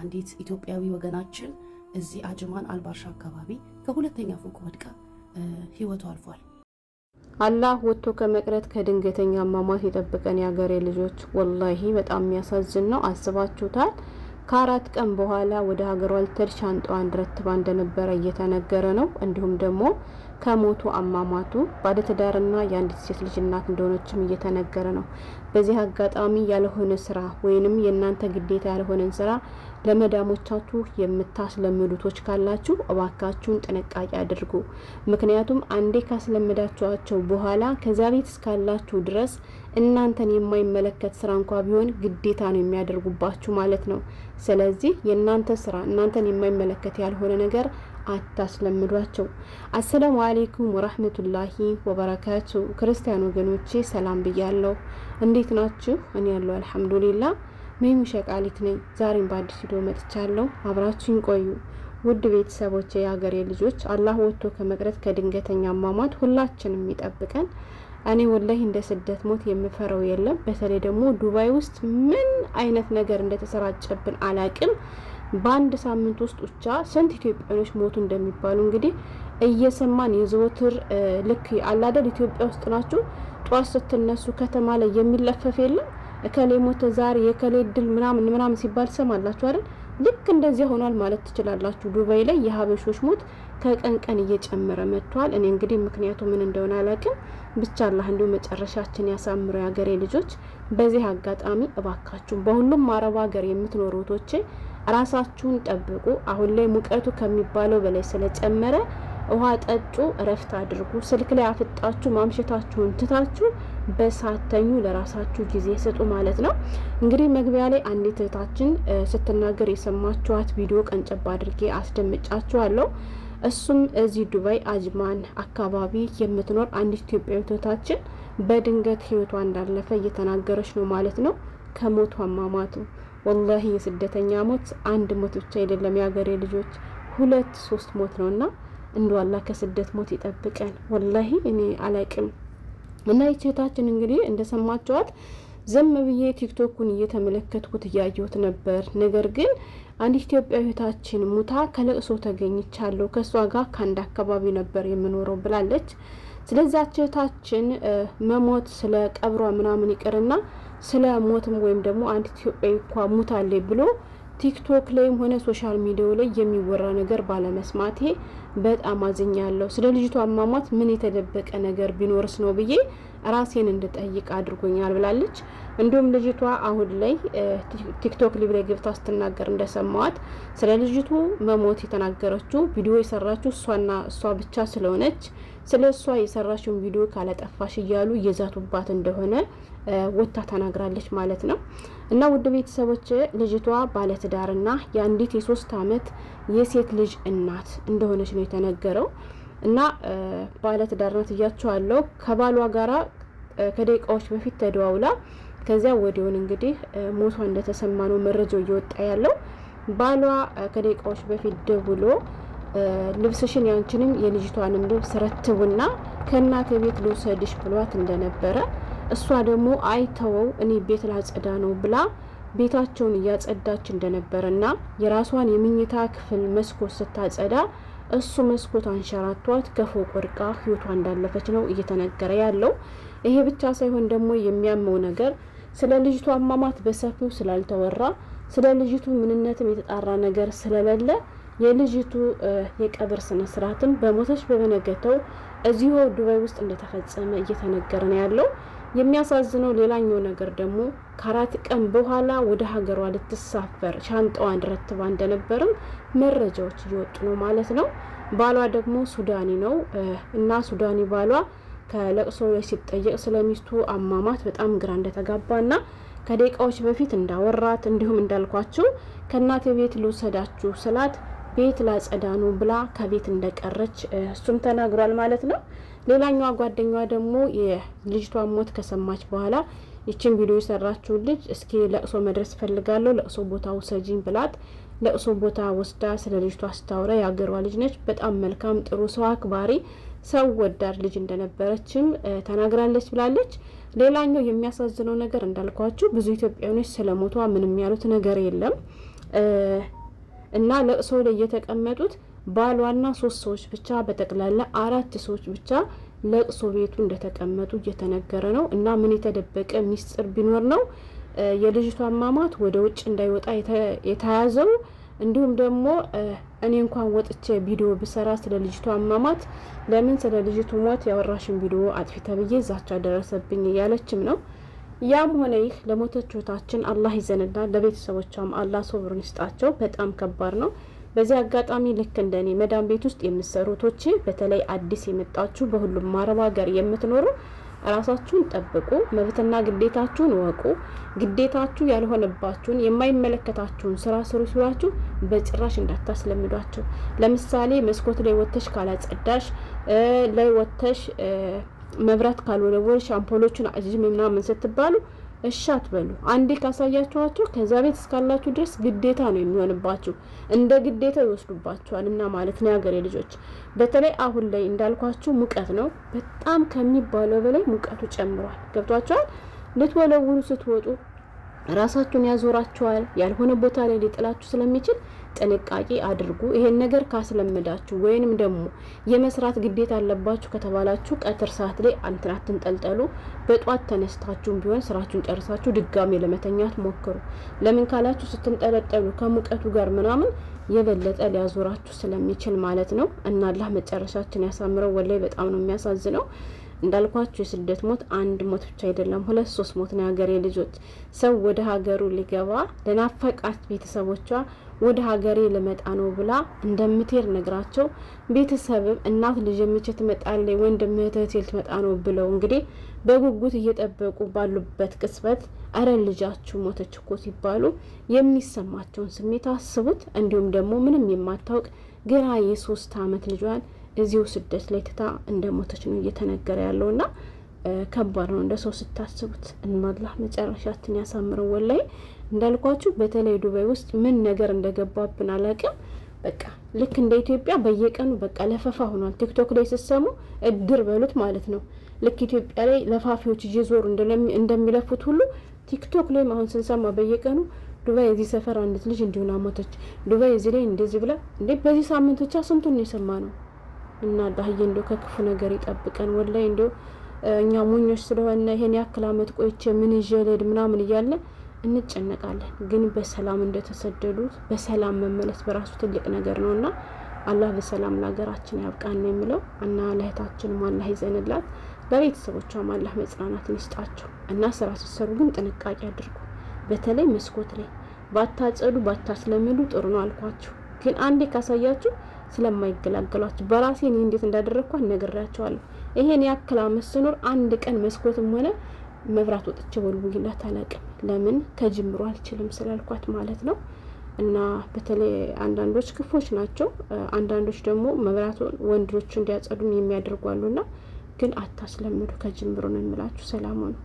አንዲት ኢትዮጵያዊ ወገናችን እዚህ አጅማን አልባርሻ አካባቢ ከሁለተኛ ፎቅ ወድቃ ህይወቱ አልፏል። አላህ ወጥቶ ከመቅረት ከድንገተኛ አሟሟት የጠብቀን የሀገሬ ልጆች። ወላሂ በጣም የሚያሳዝን ነው። አስባችሁታል? ከአራት ቀን በኋላ ወደ ሀገሯ ልትሄድ ሻንጣዋን ረትባ እንደነበረ እየተነገረ ነው። እንዲሁም ደግሞ ከሞቱ አሟሟቱ ባለትዳርና የአንዲት ሴት ልጅ እናት እንደሆነችም እየተነገረ ነው። በዚህ አጋጣሚ ያልሆነ ስራ ወይንም የእናንተ ግዴታ ያልሆነን ስራ ለመዳሞቻችሁ የምታስለምዱቶች ካላችሁ እባካችሁን ጥንቃቄ አድርጉ። ምክንያቱም አንዴ ካስለምዳችኋቸው በኋላ ከዚያ ቤት እስካላችሁ ድረስ እናንተን የማይመለከት ስራ እንኳ ቢሆን ግዴታ ነው የሚያደርጉባችሁ ማለት ነው። ስለዚህ የእናንተ ስራ እናንተን የማይመለከት ያልሆነ ነገር አታስለምዷቸው። አሰላሙ አሌይኩም ወራህመቱላሂ ወበረካቱ። ክርስቲያን ወገኖቼ ሰላም ብያለሁ። እንዴት ናችሁ? እኔ ያለው አልሐምዱሊላህ። ሚሚ ሸቃሊት ነኝ። ዛሬም በአዲስ ቪዲዮ መጥቻለሁ። አብራችሁኝ ቆዩ። ውድ ቤተሰቦቼ፣ የሀገሬ ልጆች፣ አላህ ወጥቶ ከመቅረት ከድንገተኛ አሟሟት ሁላችንም ይጠብቀን። እኔ ወላሂ እንደ ስደት ሞት የምፈረው የለም። በተለይ ደግሞ ዱባይ ውስጥ ምን አይነት ነገር እንደተሰራጨብን አላቅም። በአንድ ሳምንት ውስጥ ብቻ ስንት ኢትዮጵያኖች ሞቱ እንደሚባሉ እንግዲህ እየሰማን የዘወትር ልክ አላደል ኢትዮጵያ ውስጥ ናችሁ። ጠዋት ስትነሱ ከተማ ላይ የሚለፈፍ የለም እከሌ ሞተ ዛሬ የከሌ ድል ምናምን ምናምን ሲባል ሰማላችሁ አይደል? ልክ እንደዚያ ሆኗል ማለት ትችላላችሁ። ዱባይ ላይ የሀበሾች ሞት ከቀን ቀን እየጨመረ መጥቷል። እኔ እንግዲህ ምክንያቱ ምን እንደሆነ አላውቅም። ብቻ አላህ እንዲሁ መጨረሻችን ያሳምረው የሀገሬ ልጆች። በዚህ አጋጣሚ እባካችሁ በሁሉም አረብ ሀገር የምትኖሩ ራሳችሁን ጠብቁ። አሁን ላይ ሙቀቱ ከሚባለው በላይ ስለጨመረ ውሃ ጠጡ፣ እረፍት አድርጉ። ስልክ ላይ አፍጣችሁ ማምሸታችሁን ትታችሁ በሳተኙ ለራሳችሁ ጊዜ ስጡ ማለት ነው። እንግዲህ መግቢያ ላይ አንዲት እህታችን ስትናገር የሰማችኋት ቪዲዮ ቀንጨባ አድርጌ አስደምጫችኋለሁ። እሱም እዚህ ዱባይ አጅማን አካባቢ የምትኖር አንዲት ኢትዮጵያዊ እህታችን በድንገት ህይወቷ እንዳለፈ እየተናገረች ነው ማለት ነው። ከሞቱ አሟሟቱ ወላሂ የስደተኛ ሞት አንድ ሞት ብቻ አይደለም የሀገሬ ልጆች፣ ሁለት ሶስት ሞት ነውና እንደ ዋላ ከስደት ሞት ይጠብቀን። ወላሂ እኔ አላቅም እና ይቼታችን እንግዲህ እንደሰማችኋት ዝም ብዬ ቲክቶኩን እየተመለከትኩት እያየሁት ነበር። ነገር ግን አንድ ኢትዮጵያዊታችን ሙታ ከለቅሶ ተገኝቻለሁ ከእሷ ጋር ከአንድ አካባቢ ነበር የምኖረው ብላለች። ስለዛች እህታችን መሞት ስለ ቀብሯ ምናምን ይቅርና ስለ ሞትም ወይም ደግሞ አንድ ኢትዮጵያዊ እንኳ ሙታለች ብሎ ቲክቶክ ላይም ሆነ ሶሻል ሚዲያው ላይ የሚወራ ነገር ባለመስማቴ በጣም አዝኛለሁ። ስለ ልጅቷ አሟሟት ምን የተደበቀ ነገር ቢኖርስ ነው ብዬ ራሴን እንድጠይቅ አድርጎኛል ብላለች። እንዲሁም ልጅቷ አሁን ላይ ቲክቶክ ሊብሬ ገብታ ስትናገር እንደሰማዋት ስለ ልጅቱ መሞት የተናገረችው ቪዲዮ የሰራችው እሷና እሷ ብቻ ስለሆነች ስለ እሷ የሰራችውን ቪዲዮ ካለጠፋሽ እያሉ እየዛቱባት እንደሆነ ወታ ተናግራለች ማለት ነው። እና ውድ ቤተሰቦች ልጅቷ ባለትዳርና የአንዲት የሶስት አመት የሴት ልጅ እናት እንደሆነች ነው የተነገረው። እና ባለትዳር ናት ከባሏ ጋራ ከደቂቃዎች በፊት ተደዋውላ ከዚያ ወዲያውን እንግዲህ ሞቷ እንደተሰማ ነው መረጃው እየወጣ ያለው። ባሏ ከደቂቃዎች በፊት ደውሎ ልብስሽን ያንችንም የልጅቷንም ልብስ ረትቡና ከእናት ቤት ልውሰድሽ ብሏት እንደነበረ እሷ ደግሞ አይተወው እኔ ቤት ላጸዳ ነው ብላ ቤታቸውን እያጸዳች እንደነበረ እና የራሷን የምኝታ ክፍል መስኮት ስታጸዳ እሱ መስኮት አንሸራቷት ከፎቅ ወድቃ ህይወቷ እንዳለፈች ነው እየተነገረ ያለው። ይሄ ብቻ ሳይሆን ደግሞ የሚያመው ነገር ስለ ልጅቱ አሟሟት በሰፊው ስላልተወራ፣ ስለ ልጅቱ ምንነትም የተጣራ ነገር ስለሌለ የልጅቱ የቀብር ስነ ስርዓትም በሞተች በበነገተው እዚሁ ዱባይ ውስጥ እንደተፈጸመ እየተነገረ ነው ያለው። የሚያሳዝነው ሌላኛው ነገር ደግሞ ከአራት ቀን በኋላ ወደ ሀገሯ ልትሳፈር ሻንጣዋን ረትባ እንደነበርም መረጃዎች እየወጡ ነው ማለት ነው። ባሏ ደግሞ ሱዳኒ ነው እና ሱዳኒ ባሏ ከለቅሶ ላይ ሲጠየቅ ስለ ሚስቱ አሟሟት በጣም ግራ እንደተጋባና ከደቂቃዎች በፊት እንዳወራት እንዲሁም እንዳልኳችሁ ከእናቴ ቤት ልውሰዳችሁ ስላት ቤት ላጸዳኑ ብላ ከቤት እንደቀረች እሱም ተናግሯል ማለት ነው። ሌላኛዋ ጓደኛዋ ደግሞ የልጅቷ ሞት ከሰማች በኋላ ይችን ቪዲዮ የሰራችውን ልጅ እስኪ ለቅሶ መድረስ ፈልጋለሁ ለቅሶ ቦታ ውሰጂኝ ብላት ለቅሶ ቦታ ወስዳ ስለ ልጅቷ ስታወራ የሀገሯ ልጅ ነች። በጣም መልካም፣ ጥሩ፣ ሰው አክባሪ፣ ሰው ወዳድ ልጅ እንደነበረችም ተናግራለች ብላለች። ሌላኛው የሚያሳዝነው ነገር እንዳልኳችሁ ብዙ ኢትዮጵያውያኖች ስለ ሞቷ ምንም ያሉት ነገር የለም እና ለቅሶ ላይ የተቀመጡት ባሏና ሶስት ሰዎች ብቻ በጠቅላላ አራት ሰዎች ብቻ ለቅሶ ቤቱ እንደተቀመጡ እየተነገረ ነው። እና ምን የተደበቀ ሚስጥር ቢኖር ነው የልጅቷ አሟሟት ወደ ውጭ እንዳይወጣ የተያዘው። እንዲሁም ደግሞ እኔ እንኳን ወጥቼ ቪዲዮ ብሰራ ስለ ልጅቷ አሟሟት ለምን ስለ ልጅቱ ሞት ያወራሽን ቪዲዮ አጥፊ ተብዬ ዛቻ ደረሰብኝ እያለችም ነው። ያም ሆነ ይህ ለሞተች እህታችን አላህ ይዘንላል፣ ለቤተሰቦቿም አላህ ሶብሩን ይስጣቸው። በጣም ከባድ ነው። በዚህ አጋጣሚ ልክ እንደኔ መዳም ቤት ውስጥ የምትሰሩ ቶቼ በተለይ አዲስ የመጣችሁ በሁሉም አረብ ሀገር የምትኖሩ ራሳችሁን ጠብቁ። መብትና ግዴታችሁን እወቁ። ግዴታችሁ ያልሆነባችሁን የማይመለከታችሁን ስራ ስሩ ሲሏችሁ በጭራሽ እንዳታስለምዷቸው። ለምሳሌ መስኮት ላይ ወተሽ ካላጸዳሽ ላይ ወተሽ መብራት ካልወለወልሽ አምፖሎቹን አጅም ምናምን ስትባሉ እሺ አትበሉ። አንዴ ካሳያችኋቸው ከዛ ቤት እስካላችሁ ድረስ ግዴታ ነው የሚሆንባችሁ፣ እንደ ግዴታ ይወስዱባችኋል። እና ማለት ነው የሀገሬ ልጆች፣ በተለይ አሁን ላይ እንዳልኳችሁ ሙቀት ነው፣ በጣም ከሚባለው በላይ ሙቀቱ ጨምሯል። ገብቷችኋል። ልትወለውሉ ስትወጡ ራሳችሁን ያዞራችኋል። ያልሆነ ቦታ ላይ ሊጥላችሁ ስለሚችል ጥንቃቄ አድርጉ። ይሄን ነገር ካስለመዳችሁ ወይንም ደግሞ የመስራት ግዴታ አለባችሁ ከተባላችሁ ቀትር ሰዓት ላይ እንትን አትንጠልጠሉ። በጧት ተነስታችሁም ቢሆን ስራችሁን ጨርሳችሁ ድጋሜ ለመተኛት ሞክሩ። ለምን ካላችሁ ስትንጠለጠሉ ከሙቀቱ ጋር ምናምን የበለጠ ሊያዞራችሁ ስለሚችል ማለት ነው። እና አላህ መጨረሻችን ያሳምረው። ወላይ በጣም ነው የሚያሳዝነው። እንዳልኳችሁ የስደት ሞት አንድ ሞት ብቻ አይደለም፣ ሁለት ሶስት ሞት ነው። የሀገሬ ልጆች ሰው ወደ ሀገሩ ሊገባ ለናፈቃት ቤተሰቦቿ ወደ ሀገሬ ልመጣ ነው ብላ እንደምትሄድ ነግራቸው ቤተሰብ እናት ልጅ የምቼ ትመጣለች፣ ወንድም እህት ልትመጣ ነው ብለው እንግዲህ በጉጉት እየጠበቁ ባሉበት ቅጽበት አረ ልጃችሁ ሞተች እኮ ሲባሉ የሚሰማቸውን ስሜት አስቡት። እንዲሁም ደግሞ ምንም የማታውቅ ግራ የሶስት አመት ልጇን እዚሁ ስደት ላይ ትታ ሞተች ነው እየተነገረ ያለውና ከባድ ነው እንደ ሰው ስታስቡት። እንማላ መጨረሻችን ያሳምረው ወላይ እንዳልኳችሁ በተለይ ዱባይ ውስጥ ምን ነገር እንደገባብን አላቅም። በቃ ልክ እንደ ኢትዮጵያ በየቀኑ በቃ ለፈፋ ሆኗል። ቲክቶክ ላይ ስትሰሙ እድር በሉት ማለት ነው። ልክ ኢትዮጵያ ላይ ለፋፊዎች እየዞሩ እንደሚለፉት ሁሉ ቲክቶክ ላይም አሁን ስንሰማ በየቀኑ ዱባይ የዚህ ሰፈር አንዲት ልጅ እንዲሁን አሞተች፣ ዱባይ እዚህ ላይ እንደዚህ ብላ እንዴ። በዚህ ሳምንት ብቻ ስንቱን የሰማ ነው። እና አላህዬ እንዲ ከክፉ ነገር ይጠብቀን። ወላይ እንዲ እኛ ሞኞች ስለሆነ ይሄን ያክል አመት ቆይቼ ምን ይዤ ልሄድ ምናምን እያለን። እንጨነቃለን። ግን በሰላም እንደተሰደዱት በሰላም መመለስ በራሱ ትልቅ ነገር ነው እና አላህ በሰላም ለሀገራችን ያብቃን ነው የሚለው እና ለእህታችንም አላህ ይዘንላት፣ ለቤተሰቦቿም አላህ መጽናናትን ይስጣቸው እና ስራ ስትሰሩ ግን ጥንቃቄ አድርጉ። በተለይ መስኮት ላይ ባታጸዱ ባታስለምዱ ጥሩ ነው አልኳችሁ። ግን አንዴ ካሳያችሁ ስለማይገላገሏችሁ በራሴ እኔ እንዴት እንዳደረግኳት ነግራቸዋለሁ። ይሄን ያክል አመት ስኖር አንድ ቀን መስኮትም ሆነ መብራት ወጥቼ ወልውላት አላቅም። ለምን ከጅምሮ አልችልም ስላልኳት ማለት ነው። እና በተለይ አንዳንዶች ክፎች ናቸው። አንዳንዶች ደግሞ መብራቱን ወንዶቹ እንዲያጸዱም የሚያደርጓሉና ግን አታስለምዱ ከጅምሮ ነው የምላችሁ። ሰላም ነው።